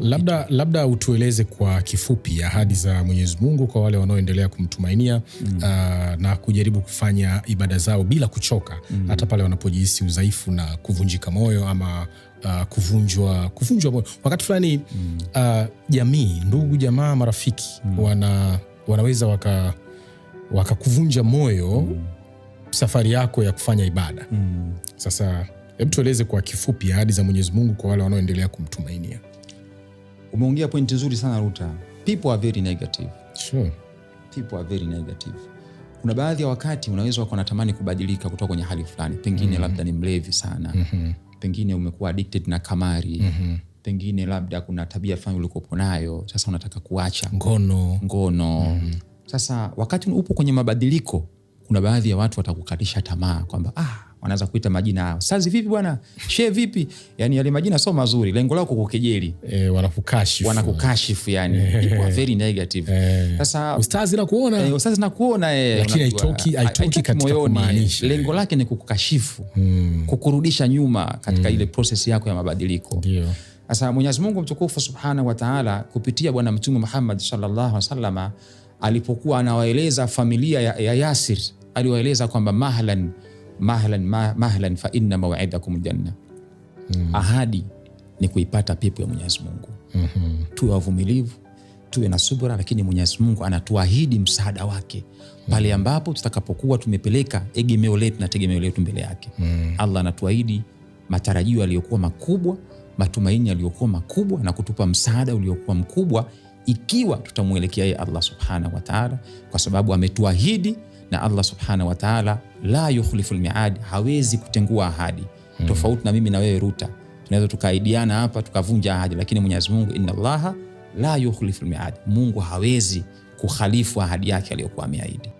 Labda, labda utueleze kwa kifupi ahadi za Mwenyezi Mungu kwa wale wanaoendelea kumtumainia mm. uh, na kujaribu kufanya ibada zao bila kuchoka mm. hata pale wanapojihisi udhaifu na kuvunjika moyo ama uh, kuvunjwa kuvunjwa moyo wakati fulani mm. Ah, jamii mm. uh, ndugu jamaa marafiki mm. wana, wanaweza waka wakakuvunja moyo mm. safari yako ya kufanya ibada mm. Sasa hebu tueleze kwa kifupi ahadi za Mwenyezi Mungu kwa wale wanaoendelea kumtumainia umeongea point nzuri sana Ruta. People are very negative. Sure. People are very negative. Kuna baadhi ya wakati unaweza wako natamani kubadilika kutoka kwenye hali fulani, pengine mm -hmm. labda ni mlevi sana mm -hmm. pengine umekuwa addicted na kamari mm -hmm. pengine labda kuna tabia fulani ulikopo nayo, sasa unataka kuacha ngono, ngono. Mm -hmm. Sasa wakati upo kwenye mabadiliko, kuna baadhi ya watu watakukatisha tamaa kwamba ah, wanaanza kuita majina yao, sazi vipi bwana, she vipi, yani yale majina sio mazuri, lengo lao kukukejeli, eh, wanakukashifu, wanakukashifu yani eh. ipo very negative. Eh. Sasa ustazi na kuona eh, ustazi na kuona eh, lakini haitoki, haitoki katika kumaanisha, lengo lake ni kukukashifu, hmm. kukurudisha nyuma katika hmm. ile process yako ya mabadiliko, ndio sasa Mwenyezi Mungu mtukufu Subhanahu wa Ta'ala kupitia Bwana Mtume Muhammad sallallahu alaihi wasallam alipokuwa anawaeleza familia ya, ya Yasir aliwaeleza kwamba mahlan mahlan mahlan fa inna maw'idakum Mm. Ahadi ni kuipata pepo ya Mwenyezi Mungu. Mm -hmm. Tuwe wavumilivu, tuwe na subra, lakini Mwenyezi Mungu anatuahidi msaada wake pale mm-hmm. ambapo tutakapokuwa tumepeleka egemeo letu na tegemeo letu mbele yake. Mm. Allah anatuahidi matarajio yaliyokuwa makubwa, matumaini yaliyokuwa makubwa na kutupa msaada uliokuwa mkubwa ikiwa tutamwelekea yeye Allah subhanahu wataala kwa sababu ametuahidi na Allah subhanahu wa ta'ala la yukhlifu lmiadi, hawezi kutengua ahadi hmm. Tofauti na mimi na wewe Ruta, tunaweza tukaaidiana hapa tukavunja ahadi, lakini Mwenyezi Mungu inna Allaha la yukhlifu lmiadi, Mungu hawezi kukhalifu ahadi yake aliyokuwa ameahidi.